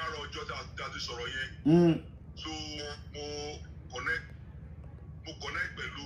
láàárọ̀ ọjọ́ tá a ti sọ̀rọ̀ yẹn mm. so mo connect mo connect pẹ̀lú.